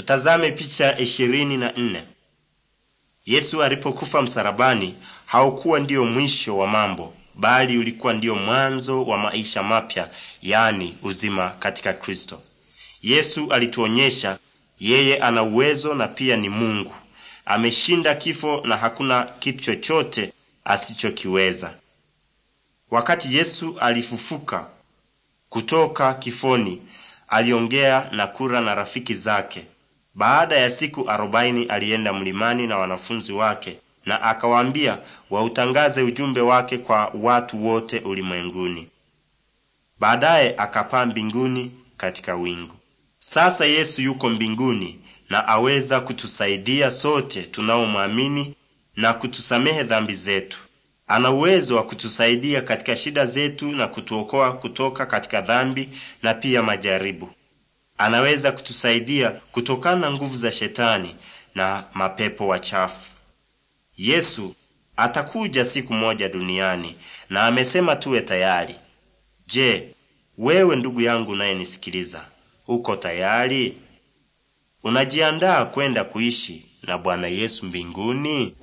Tutazame picha ishirini na nne. Yesu alipokufa msalabani haukuwa ndiyo mwisho wa mambo, bali ulikuwa ndiyo mwanzo wa maisha mapya, yaani uzima katika Kristo. Yesu alituonyesha yeye ana uwezo na pia ni Mungu. Ameshinda kifo na hakuna kitu chochote asichokiweza. Wakati Yesu alifufuka kutoka kifoni, aliongea na kura na rafiki zake. Baada ya siku arobaini alienda mlimani na wanafunzi wake na akawaambia wautangaze ujumbe wake kwa watu wote ulimwenguni. Baadaye akapaa mbinguni katika wingu. Sasa Yesu yuko mbinguni na aweza kutusaidia sote tunaomwamini na kutusamehe dhambi zetu. Ana uwezo wa kutusaidia katika shida zetu na kutuokoa kutoka katika dhambi na pia majaribu anaweza kutusaidia kutokana na nguvu za shetani na mapepo wachafu. Yesu atakuja siku moja duniani na amesema tuwe tayari. Je, wewe ndugu yangu unayenisikiliza, uko tayari? Unajiandaa kwenda kuishi na Bwana Yesu mbinguni?